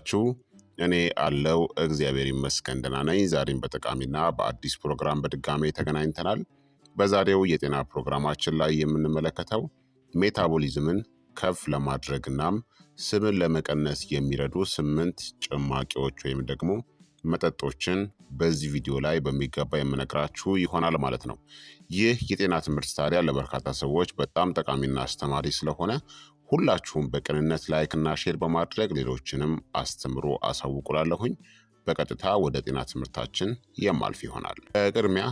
እንደምናላችሁ እኔ አለው እግዚአብሔር ይመስገን ደህና ነኝ። ዛሬም በጠቃሚና በአዲስ ፕሮግራም በድጋሜ ተገናኝተናል። በዛሬው የጤና ፕሮግራማችን ላይ የምንመለከተው ሜታቦሊዝምን ከፍ ለማድረግ እናም ስብን ለመቀነስ የሚረዱ ስምንት ጭማቂዎች ወይም ደግሞ መጠጦችን በዚህ ቪዲዮ ላይ በሚገባ የምነግራችሁ ይሆናል ማለት ነው። ይህ የጤና ትምህርት ታዲያ ለበርካታ ሰዎች በጣም ጠቃሚና አስተማሪ ስለሆነ ሁላችሁም በቅንነት ላይክና ሼር በማድረግ ሌሎችንም አስተምሮ አሳውቁላለሁኝ። በቀጥታ ወደ ጤና ትምህርታችን የማልፍ ይሆናል። በቅድሚያ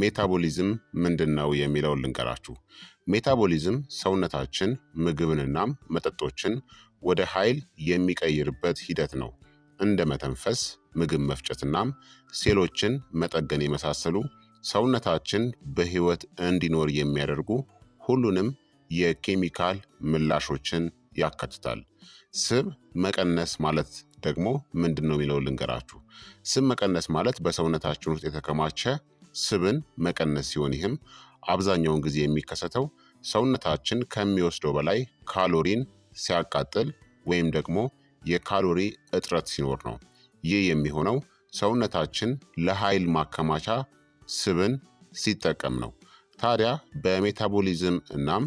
ሜታቦሊዝም ምንድን ነው የሚለውን ልንገራችሁ። ሜታቦሊዝም ሰውነታችን ምግብንናም መጠጦችን ወደ ኃይል የሚቀይርበት ሂደት ነው። እንደ መተንፈስ፣ ምግብ መፍጨትናም ሴሎችን መጠገን የመሳሰሉ ሰውነታችን በህይወት እንዲኖር የሚያደርጉ ሁሉንም የኬሚካል ምላሾችን ያካትታል። ስብ መቀነስ ማለት ደግሞ ምንድን ነው የሚለው ልንገራችሁ። ስብ መቀነስ ማለት በሰውነታችን ውስጥ የተከማቸ ስብን መቀነስ ሲሆን ይህም አብዛኛውን ጊዜ የሚከሰተው ሰውነታችን ከሚወስደው በላይ ካሎሪን ሲያቃጥል ወይም ደግሞ የካሎሪ እጥረት ሲኖር ነው። ይህ የሚሆነው ሰውነታችን ለኃይል ማከማቻ ስብን ሲጠቀም ነው። ታዲያ በሜታቦሊዝም እናም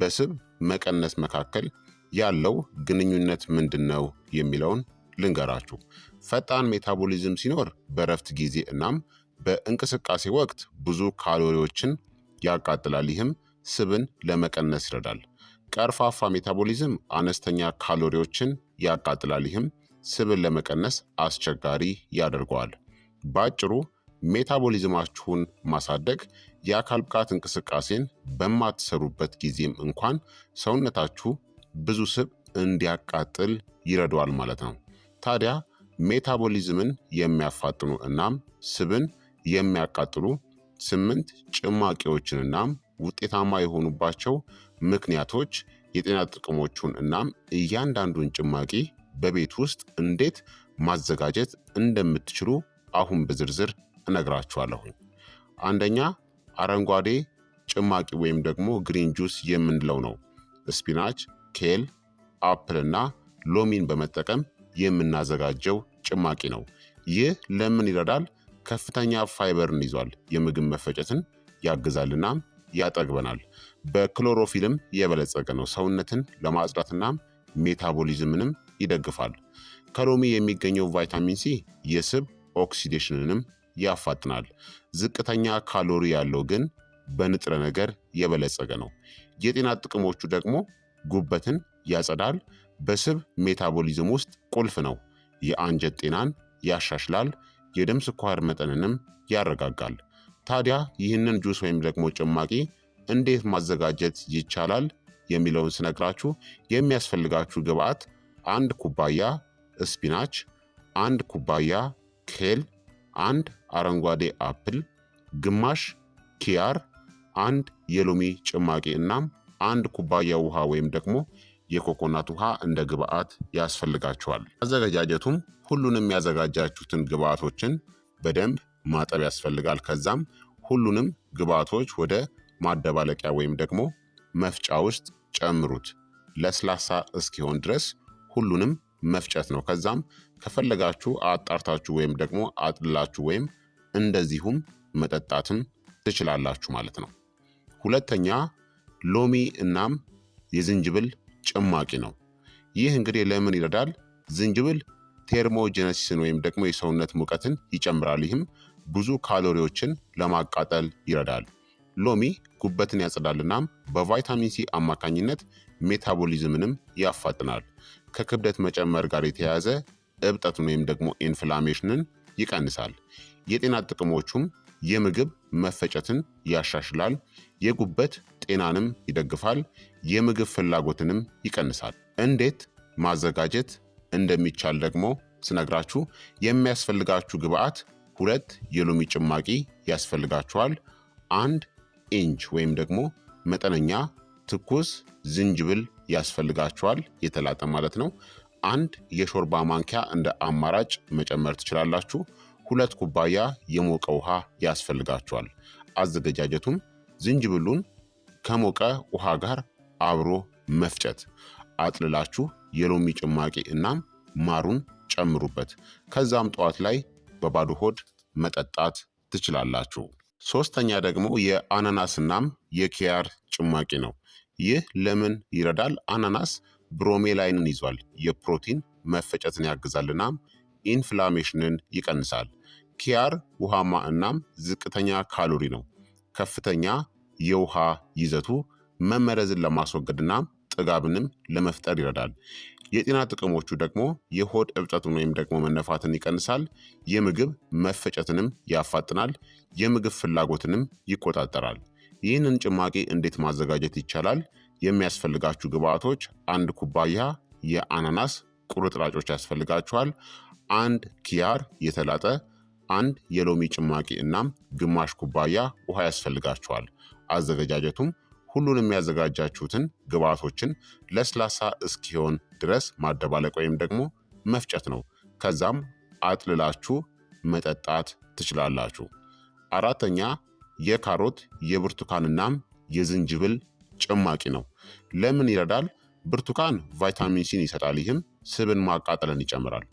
በስብ መቀነስ መካከል ያለው ግንኙነት ምንድን ነው የሚለውን ልንገራችሁ። ፈጣን ሜታቦሊዝም ሲኖር በእረፍት ጊዜ እናም በእንቅስቃሴ ወቅት ብዙ ካሎሪዎችን ያቃጥላል። ይህም ስብን ለመቀነስ ይረዳል። ቀርፋፋ ሜታቦሊዝም አነስተኛ ካሎሪዎችን ያቃጥላል። ይህም ስብን ለመቀነስ አስቸጋሪ ያደርገዋል። በአጭሩ ሜታቦሊዝማችሁን ማሳደግ የአካል ብቃት እንቅስቃሴን በማትሰሩበት ጊዜም እንኳን ሰውነታችሁ ብዙ ስብ እንዲያቃጥል ይረዳዋል ማለት ነው። ታዲያ ሜታቦሊዝምን የሚያፋጥኑ እናም ስብን የሚያቃጥሉ ስምንት ጭማቂዎችን እናም ውጤታማ የሆኑባቸው ምክንያቶች የጤና ጥቅሞቹን እናም እያንዳንዱን ጭማቂ በቤት ውስጥ እንዴት ማዘጋጀት እንደምትችሉ አሁን በዝርዝር እነግራችኋለሁኝ። አንደኛ አረንጓዴ ጭማቂ ወይም ደግሞ ግሪን ጁስ የምንለው ነው። ስፒናች፣ ኬል፣ አፕል እና ሎሚን በመጠቀም የምናዘጋጀው ጭማቂ ነው። ይህ ለምን ይረዳል? ከፍተኛ ፋይበርን ይዟል። የምግብ መፈጨትን ያግዛልና ያጠግበናል። በክሎሮፊልም የበለጸገ ነው። ሰውነትን ለማጽዳትና ሜታቦሊዝምንም ይደግፋል። ከሎሚ የሚገኘው ቫይታሚን ሲ የስብ ኦክሲዴሽንንም ያፋጥናል። ዝቅተኛ ካሎሪ ያለው ግን በንጥረ ነገር የበለጸገ ነው። የጤና ጥቅሞቹ ደግሞ ጉበትን ያጸዳል፣ በስብ ሜታቦሊዝም ውስጥ ቁልፍ ነው። የአንጀት ጤናን ያሻሽላል፣ የደም ስኳር መጠንንም ያረጋጋል። ታዲያ ይህንን ጁስ ወይም ደግሞ ጭማቂ እንዴት ማዘጋጀት ይቻላል የሚለውን ስነግራችሁ የሚያስፈልጋችሁ ግብአት አንድ ኩባያ ስፒናች፣ አንድ ኩባያ ኬል አንድ አረንጓዴ አፕል፣ ግማሽ ኪያር፣ አንድ የሎሚ ጭማቂ እናም አንድ ኩባያ ውሃ ወይም ደግሞ የኮኮናት ውሃ እንደ ግብአት ያስፈልጋቸዋል። አዘገጃጀቱም ሁሉንም ያዘጋጃችሁትን ግብአቶችን በደንብ ማጠብ ያስፈልጋል። ከዛም ሁሉንም ግብአቶች ወደ ማደባለቂያ ወይም ደግሞ መፍጫ ውስጥ ጨምሩት። ለስላሳ እስኪሆን ድረስ ሁሉንም መፍጨት ነው። ከዛም ከፈለጋችሁ አጣርታችሁ ወይም ደግሞ አጥላችሁ ወይም እንደዚሁም መጠጣትን ትችላላችሁ ማለት ነው። ሁለተኛ ሎሚ እናም የዝንጅብል ጭማቂ ነው። ይህ እንግዲህ ለምን ይረዳል? ዝንጅብል ቴርሞጀነሲስን ወይም ደግሞ የሰውነት ሙቀትን ይጨምራል። ይህም ብዙ ካሎሪዎችን ለማቃጠል ይረዳል። ሎሚ ጉበትን ያጸዳልናም በቫይታሚን ሲ አማካኝነት ሜታቦሊዝምንም ያፋጥናል። ከክብደት መጨመር ጋር የተያያዘ እብጠትን ወይም ደግሞ ኢንፍላሜሽንን ይቀንሳል። የጤና ጥቅሞቹም የምግብ መፈጨትን ያሻሽላል፣ የጉበት ጤናንም ይደግፋል፣ የምግብ ፍላጎትንም ይቀንሳል። እንዴት ማዘጋጀት እንደሚቻል ደግሞ ስነግራችሁ የሚያስፈልጋችሁ ግብአት ሁለት የሎሚ ጭማቂ ያስፈልጋችኋል። አንድ ኢንች ወይም ደግሞ መጠነኛ ትኩስ ዝንጅብል ያስፈልጋችኋል። የተላጠ ማለት ነው። አንድ የሾርባ ማንኪያ እንደ አማራጭ መጨመር ትችላላችሁ። ሁለት ኩባያ የሞቀ ውሃ ያስፈልጋችኋል። አዘገጃጀቱም ዝንጅብሉን ከሞቀ ውሃ ጋር አብሮ መፍጨት፣ አጥልላችሁ የሎሚ ጭማቂ እናም ማሩን ጨምሩበት። ከዛም ጠዋት ላይ በባዶ ሆድ መጠጣት ትችላላችሁ። ሶስተኛ ደግሞ የአናናስ እናም የኪያር ጭማቂ ነው። ይህ ለምን ይረዳል? አናናስ ብሮሜላይንን ይዟል፣ የፕሮቲን መፈጨትን ያግዛል እናም ኢንፍላሜሽንን ይቀንሳል። ኪያር ውሃማ እናም ዝቅተኛ ካሎሪ ነው። ከፍተኛ የውሃ ይዘቱ መመረዝን ለማስወገድ እናም ጥጋብንም ለመፍጠር ይረዳል። የጤና ጥቅሞቹ ደግሞ የሆድ እብጠትን ወይም ደግሞ መነፋትን ይቀንሳል። የምግብ መፈጨትንም ያፋጥናል። የምግብ ፍላጎትንም ይቆጣጠራል። ይህንን ጭማቂ እንዴት ማዘጋጀት ይቻላል? የሚያስፈልጋችሁ ግብአቶች አንድ ኩባያ የአናናስ ቁርጥራጮች ያስፈልጋችኋል። አንድ ኪያር የተላጠ አንድ የሎሚ ጭማቂ እናም ግማሽ ኩባያ ውሃ ያስፈልጋችኋል። አዘገጃጀቱም ሁሉንም የሚያዘጋጃችሁትን ግብአቶችን ለስላሳ እስኪሆን ድረስ ማደባለቅ ወይም ደግሞ መፍጨት ነው። ከዛም አጥልላችሁ መጠጣት ትችላላችሁ። አራተኛ የካሮት የብርቱካንና የዝንጅብል ጭማቂ ነው። ለምን ይረዳል? ብርቱካን ቫይታሚን ሲን ይሰጣል። ይህም ስብን ማቃጠልን ይጨምራል።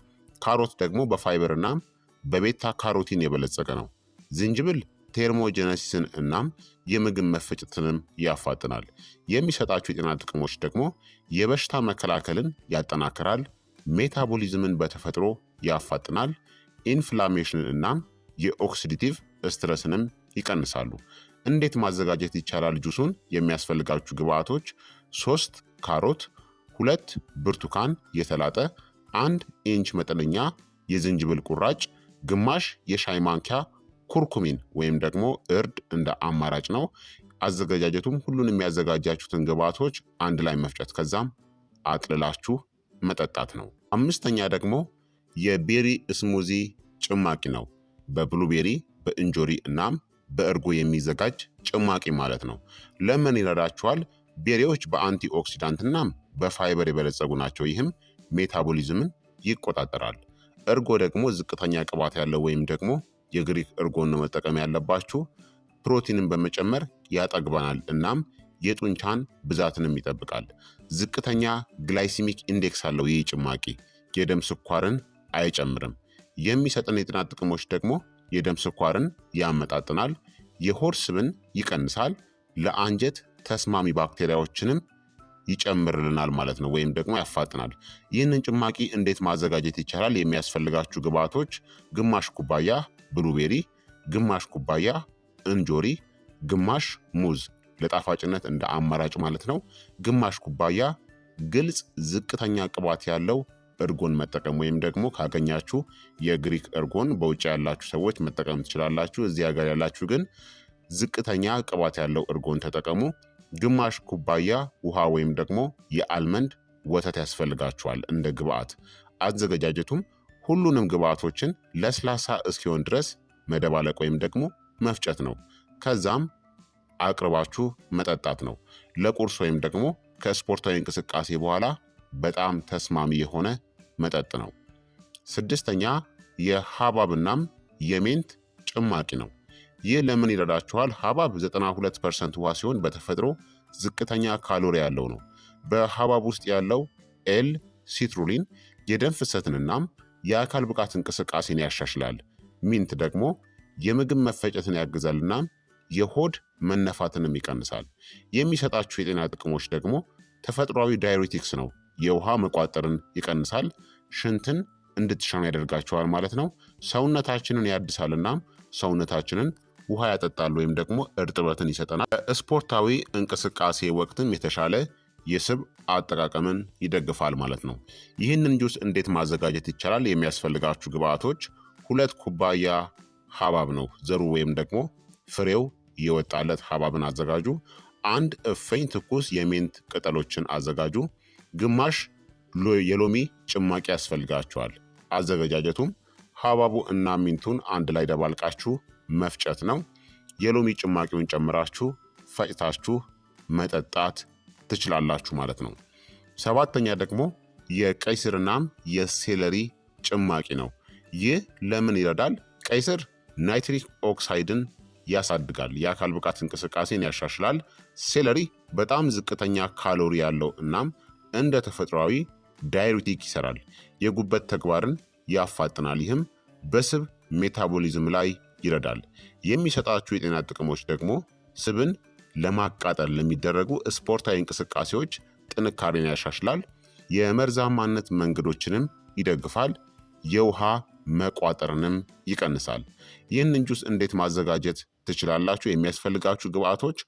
ካሮት ደግሞ በፋይበር በቤታ ካሮቲን የበለጸገ ነው። ዝንጅብል ቴርሞጀነሲስን እናም የምግብ መፈጨትንም ያፋጥናል። የሚሰጣቸው የጤና ጥቅሞች ደግሞ የበሽታ መከላከልን ያጠናክራል፣ ሜታቦሊዝምን በተፈጥሮ ያፋጥናል፣ ኢንፍላሜሽንን እናም የኦክሲዲቲቭ ስትረስንም ይቀንሳሉ። እንዴት ማዘጋጀት ይቻላል? ጁሱን የሚያስፈልጋችሁ ግብአቶች ሶስት ካሮት፣ ሁለት ብርቱካን የተላጠ፣ አንድ ኢንች መጠነኛ የዝንጅብል ቁራጭ፣ ግማሽ የሻይ ማንኪያ ኩርኩሚን ወይም ደግሞ እርድ እንደ አማራጭ ነው። አዘገጃጀቱም ሁሉን የሚያዘጋጃችሁትን ግብአቶች አንድ ላይ መፍጨት ከዛም አጥልላችሁ መጠጣት ነው። አምስተኛ ደግሞ የቤሪ ስሙዚ ጭማቂ ነው። በብሉቤሪ በእንጆሪ እናም በእርጎ የሚዘጋጅ ጭማቂ ማለት ነው። ለምን ይረዳችኋል? ቤሪዎች በአንቲ ኦክሲዳንትናም በፋይበር የበለጸጉ ናቸው። ይህም ሜታቦሊዝምን ይቆጣጠራል። እርጎ ደግሞ ዝቅተኛ ቅባት ያለው ወይም ደግሞ የግሪክ እርጎን ነው መጠቀም ያለባችሁ። ፕሮቲንን በመጨመር ያጠግበናል፣ እናም የጡንቻን ብዛትንም ይጠብቃል። ዝቅተኛ ግላይሲሚክ ኢንዴክስ አለው። ይህ ጭማቂ የደም ስኳርን አይጨምርም። የሚሰጠን የጤና ጥቅሞች ደግሞ የደም ስኳርን ያመጣጥናል፣ የሆድ ስብን ይቀንሳል፣ ለአንጀት ተስማሚ ባክቴሪያዎችንም ይጨምርልናል ማለት ነው፣ ወይም ደግሞ ያፋጥናል። ይህንን ጭማቂ እንዴት ማዘጋጀት ይቻላል? የሚያስፈልጋችሁ ግብአቶች ግማሽ ኩባያ ብሉቤሪ፣ ግማሽ ኩባያ እንጆሪ፣ ግማሽ ሙዝ ለጣፋጭነት እንደ አማራጭ ማለት ነው፣ ግማሽ ኩባያ ግልጽ ዝቅተኛ ቅባት ያለው እርጎን መጠቀም ወይም ደግሞ ካገኛችሁ የግሪክ እርጎን በውጭ ያላችሁ ሰዎች መጠቀም ትችላላችሁ። እዚህ ሀገር ያላችሁ ግን ዝቅተኛ ቅባት ያለው እርጎን ተጠቀሙ። ግማሽ ኩባያ ውሃ ወይም ደግሞ የአልመንድ ወተት ያስፈልጋችኋል እንደ ግብአት። አዘገጃጀቱም ሁሉንም ግብአቶችን ለስላሳ እስኪሆን ድረስ መደባለቅ ወይም ደግሞ መፍጨት ነው። ከዛም አቅርባችሁ መጠጣት ነው። ለቁርስ ወይም ደግሞ ከስፖርታዊ እንቅስቃሴ በኋላ በጣም ተስማሚ የሆነ መጠጥ ነው። ስድስተኛ የሀባብናም የሜንት ጭማቂ ነው። ይህ ለምን ይረዳችኋል? ሀባብ 92 ፐርሰንት ውሃ ሲሆን በተፈጥሮ ዝቅተኛ ካሎሪ ያለው ነው። በሀባብ ውስጥ ያለው ኤል ሲትሩሊን የደም ፍሰትንናም የአካል ብቃት እንቅስቃሴን ያሻሽላል። ሚንት ደግሞ የምግብ መፈጨትን ያግዛልና የሆድ መነፋትንም ይቀንሳል። የሚሰጣችሁ የጤና ጥቅሞች ደግሞ ተፈጥሯዊ ዳይሬቲክስ ነው። የውሃ መቋጠርን ይቀንሳል፣ ሽንትን እንድትሸኑ ያደርጋቸዋል ማለት ነው። ሰውነታችንን ያድሳል እናም ሰውነታችንን ውሃ ያጠጣል ወይም ደግሞ እርጥበትን ይሰጠናል። ስፖርታዊ እንቅስቃሴ ወቅትም የተሻለ የስብ አጠቃቀምን ይደግፋል ማለት ነው። ይህንን ጁስ እንዴት ማዘጋጀት ይቻላል? የሚያስፈልጋችሁ ግብአቶች ሁለት ኩባያ ሀባብ ነው፣ ዘሩ ወይም ደግሞ ፍሬው የወጣለት ሀባብን አዘጋጁ። አንድ እፈኝ ትኩስ የሜንት ቅጠሎችን አዘጋጁ። ግማሽ የሎሚ ጭማቂ ያስፈልጋቸዋል። አዘገጃጀቱም ሀባቡ እና ሚንቱን አንድ ላይ ደባልቃችሁ መፍጨት ነው። የሎሚ ጭማቂውን ጨምራችሁ ፈጭታችሁ መጠጣት ትችላላችሁ ማለት ነው። ሰባተኛ ደግሞ የቀይ ስርናም የሴለሪ ጭማቂ ነው። ይህ ለምን ይረዳል? ቀይ ስር ናይትሪክ ኦክሳይድን ያሳድጋል፣ የአካል ብቃት እንቅስቃሴን ያሻሽላል። ሴለሪ በጣም ዝቅተኛ ካሎሪ ያለው እናም እንደ ተፈጥሯዊ ዳይሪቲክ ይሰራል። የጉበት ተግባርን ያፋጥናል። ይህም በስብ ሜታቦሊዝም ላይ ይረዳል። የሚሰጣችሁ የጤና ጥቅሞች ደግሞ ስብን ለማቃጠል ለሚደረጉ ስፖርታዊ እንቅስቃሴዎች ጥንካሬን ያሻሽላል። የመርዛማነት መንገዶችንም ይደግፋል። የውሃ መቋጠርንም ይቀንሳል። ይህንን ጁስ እንዴት ማዘጋጀት ትችላላችሁ? የሚያስፈልጋችሁ ግብአቶች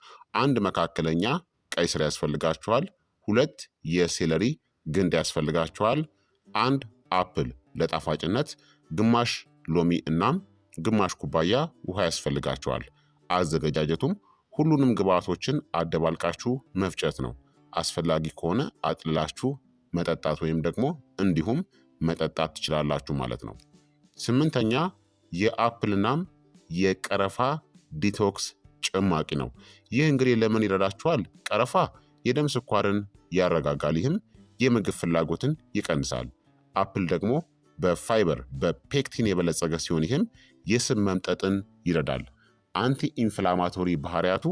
አንድ መካከለኛ ቀይ ስር ያስፈልጋችኋል። ሁለት የሴለሪ ግንድ ያስፈልጋቸዋል አንድ አፕል ለጣፋጭነት፣ ግማሽ ሎሚ እናም ግማሽ ኩባያ ውሃ ያስፈልጋቸዋል አዘገጃጀቱም ሁሉንም ግብአቶችን አደባልቃችሁ መፍጨት ነው። አስፈላጊ ከሆነ አጥልላችሁ መጠጣት ወይም ደግሞ እንዲሁም መጠጣት ትችላላችሁ ማለት ነው። ስምንተኛ የአፕል እናም የቀረፋ ዲቶክስ ጭማቂ ነው። ይህ እንግዲህ ለምን ይረዳችኋል? ቀረፋ የደም ስኳርን ያረጋጋል። ይህም የምግብ ፍላጎትን ይቀንሳል። አፕል ደግሞ በፋይበር በፔክቲን የበለጸገ ሲሆን ይህም የስብ መምጠጥን ይረዳል። አንቲ ኢንፍላማቶሪ ባህሪያቱ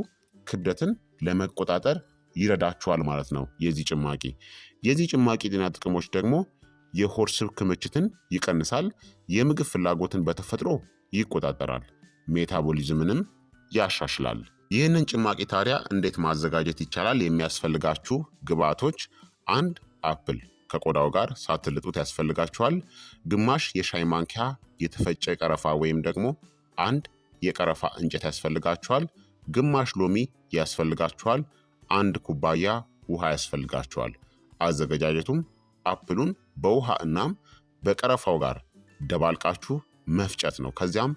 ክብደትን ለመቆጣጠር ይረዳችኋል ማለት ነው። የዚህ ጭማቂ የዚህ ጭማቂ ጤና ጥቅሞች ደግሞ የሆድ ስብ ክምችትን ይቀንሳል፣ የምግብ ፍላጎትን በተፈጥሮ ይቆጣጠራል፣ ሜታቦሊዝምንም ያሻሽላል። ይህንን ጭማቂ ታዲያ እንዴት ማዘጋጀት ይቻላል? የሚያስፈልጋችሁ ግብዓቶች አንድ አፕል ከቆዳው ጋር ሳትልጡት ያስፈልጋችኋል። ግማሽ የሻይ ማንኪያ የተፈጨ ቀረፋ ወይም ደግሞ አንድ የቀረፋ እንጨት ያስፈልጋችኋል። ግማሽ ሎሚ ያስፈልጋችኋል። አንድ ኩባያ ውሃ ያስፈልጋችኋል። አዘገጃጀቱም አፕሉን በውሃ እናም በቀረፋው ጋር ደባልቃችሁ መፍጨት ነው። ከዚያም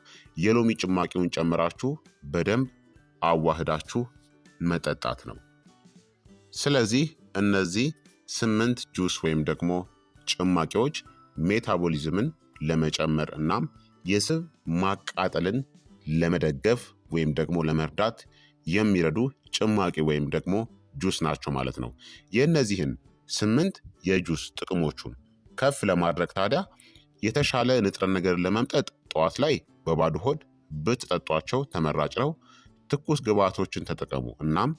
የሎሚ ጭማቂውን ጨምራችሁ በደንብ አዋህዳችሁ መጠጣት ነው። ስለዚህ እነዚህ ስምንት ጁስ ወይም ደግሞ ጭማቂዎች ሜታቦሊዝምን ለመጨመር እናም የስብ ማቃጠልን ለመደገፍ ወይም ደግሞ ለመርዳት የሚረዱ ጭማቂ ወይም ደግሞ ጁስ ናቸው ማለት ነው። የእነዚህን ስምንት የጁስ ጥቅሞቹን ከፍ ለማድረግ ታዲያ የተሻለ ንጥረ ነገር ለመምጠጥ ጠዋት ላይ በባዶ ሆድ ብትጠጧቸው ተመራጭ ነው። ትኩስ ግብዓቶችን ተጠቀሙ እናም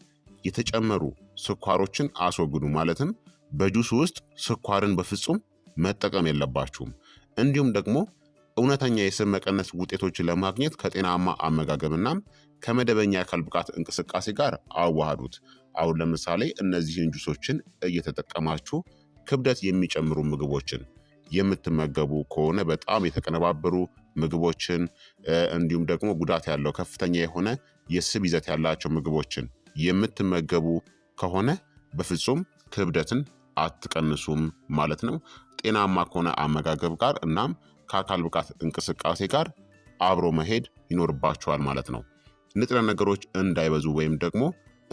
የተጨመሩ ስኳሮችን አስወግዱ። ማለትም በጁስ ውስጥ ስኳርን በፍጹም መጠቀም የለባችሁም። እንዲሁም ደግሞ እውነተኛ የስብ መቀነስ ውጤቶችን ለማግኘት ከጤናማ አመጋገብ ከመደበኛ የአካል ብቃት እንቅስቃሴ ጋር አዋሃዱት። አሁን ለምሳሌ እነዚህን ጁሶችን እየተጠቀማችሁ ክብደት የሚጨምሩ ምግቦችን የምትመገቡ ከሆነ በጣም የተቀነባበሩ ምግቦችን እንዲሁም ደግሞ ጉዳት ያለው ከፍተኛ የሆነ የስብ ይዘት ያላቸው ምግቦችን የምትመገቡ ከሆነ በፍጹም ክብደትን አትቀንሱም ማለት ነው። ጤናማ ከሆነ አመጋገብ ጋር እናም ከአካል ብቃት እንቅስቃሴ ጋር አብሮ መሄድ ይኖርባቸዋል ማለት ነው። ንጥረ ነገሮች እንዳይበዙ ወይም ደግሞ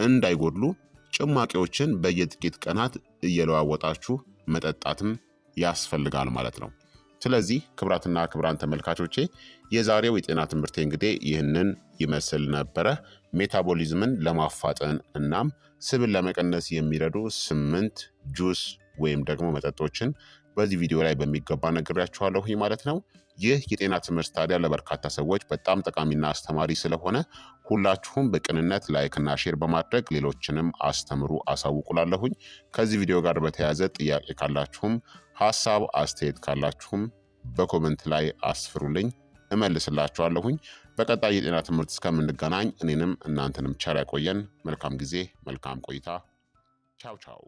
እንዳይጎድሉ ጭማቂዎችን በየጥቂት ቀናት እየለዋወጣችሁ መጠጣትም ያስፈልጋል ማለት ነው። ስለዚህ ክብራትና ክብራን ተመልካቾቼ የዛሬው የጤና ትምህርቴ እንግዲህ ይህንን ይመስል ነበረ። ሜታቦሊዝምን ለማፋጠን እናም ስብን ለመቀነስ የሚረዱ ስምንት ጁስ ወይም ደግሞ መጠጦችን በዚህ ቪዲዮ ላይ በሚገባ ነግሬያችኋለሁኝ ማለት ነው። ይህ የጤና ትምህርት ታዲያ ለበርካታ ሰዎች በጣም ጠቃሚና አስተማሪ ስለሆነ ሁላችሁም በቅንነት ላይክና ሼር በማድረግ ሌሎችንም አስተምሩ፣ አሳውቁላለሁኝ። ከዚህ ቪዲዮ ጋር በተያያዘ ጥያቄ ካላችሁም ሀሳብ አስተያየት ካላችሁም በኮመንት ላይ አስፍሩልኝ፣ እመልስላችኋለሁኝ። በቀጣይ የጤና ትምህርት እስከምንገናኝ እኔንም እናንተንም ቸር ያቆየን። መልካም ጊዜ፣ መልካም ቆይታ። ቻው ቻው።